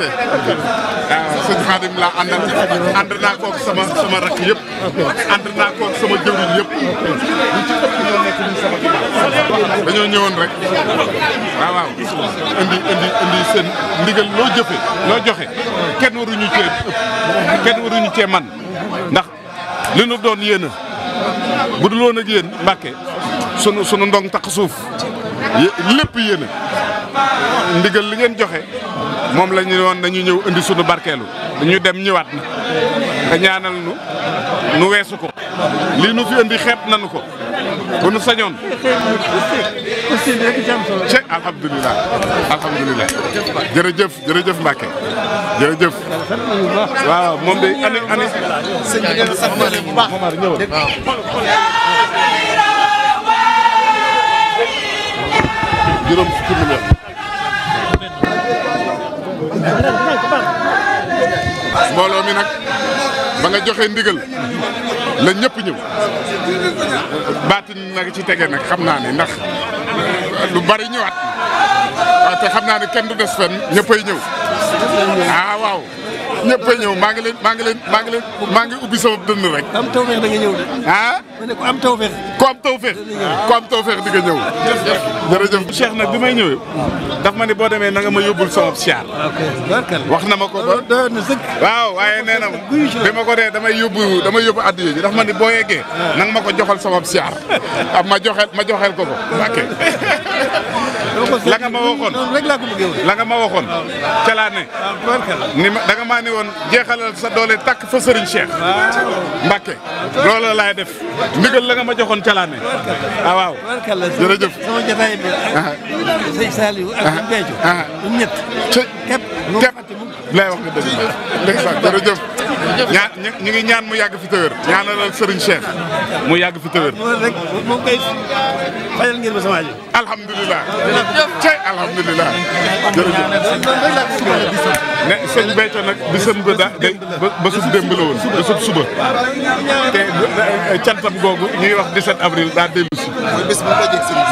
fàtte. Ah, sëñ Xaadim yëpp. ànd naa koog dañoo ñëwoon rek waaw waaw indi indi indi seen ndigal loo jëfe loo joxe kenn waruñu cee ëpp kenn waruñu cee man ndax li nu doon yéen a bu dul woon Mbàkke sunu sunu ndong taq suuf lépp yéen ndigal li ngeen joxe. moom la ñu woon nañu ñëw indi sunu barkeelu ñu dem ñëwaat na te nu weesu ko lii nu fi indi xeeb nañu ko bu nu sañoon. ci alhamdulilah alhamdulilah jërëjëf jërëjëf Mbacke waaw moom de ani ani. sëñ bi dina sant bu baax juróom fukki million mbooloo mi nag ba nga joxe ndigal la ñëpp ñëw baatin nag ci tege nag xam naa ne ndax lu bari ñëwaat waaw xam naa ne kenn du des fenn ñëppay ñëw ah waaw ñëppay ñëw maa ngi leen maa ngi leen maa ngi maa ngi ubbi sama dënn rek. am tawfeex da nga ñëw de. ah am tawféex ku am tawféex di nga ñëw jërëjëf Cheikh nag bi may ñëwee daf ma ni boo demee nanga ma yóbbul sama siyaar wax na ma ko ba waaw waaye nee na bi ma ko dee damay yóbbu damay yóbbu addiyo ji daf ma ni boo yegee ah. na ma ko joxal sama siyaar ah, ma joxel ma joxel ko ko la nga ma waxoon rek woon la nga ma waxoon ah. ca ah, ni ma da nga ne woon jeexalal sa doole takk fa sëriñ Cheikh Mbacke loola laay def ndigal la ma joxoon ca laa ne ah waaw jërëjëf sama jotaay bi ah. lay wax nga dëgg ñaan ñu ngi ñaan mu yàgg fi tëwër ñaanalal Serigne Cheikh mu yàgg fi tëwër. rek moom kay fayal ngeen ma ne sëñ Béthio nag bisam ba da day bésub démb la woon bésub suba. te cantam googu ñuy wax 17 avril daa dellu si.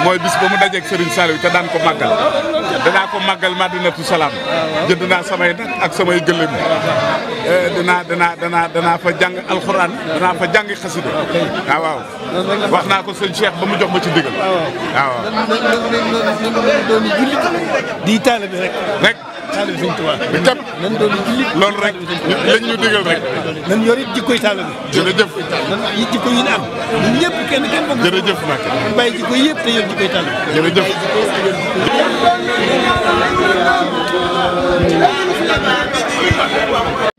mooy bis ba mu dajeeg Serigne Saliou. mooy bis ba mu dajeeg Serigne ko màggal. danaa ko màggal Madinatu Salaam. jënd naa samay nag ak samay gëlëm. Eh, danaa danaa danaa danaa fa jàng alxuraan. danaa fa jàng xasida. Ah, waaw wax naa ko sëñ Cheikh ba mu jox ma ci ndigal. Ah, ah, waaw di taalibe rek. rek. taalibe Sëriñ Tuubaa bi cap nan doon jullit loolu rek lañ ñu digal rek nan yor it jikkoy taalibe jërëjëf nan yi jikko yi am ñun ñëpp kenn kenn bëgg jërëjëf nag bàyyi jikko yëpp te yor jikkoy taalibe jërëjëf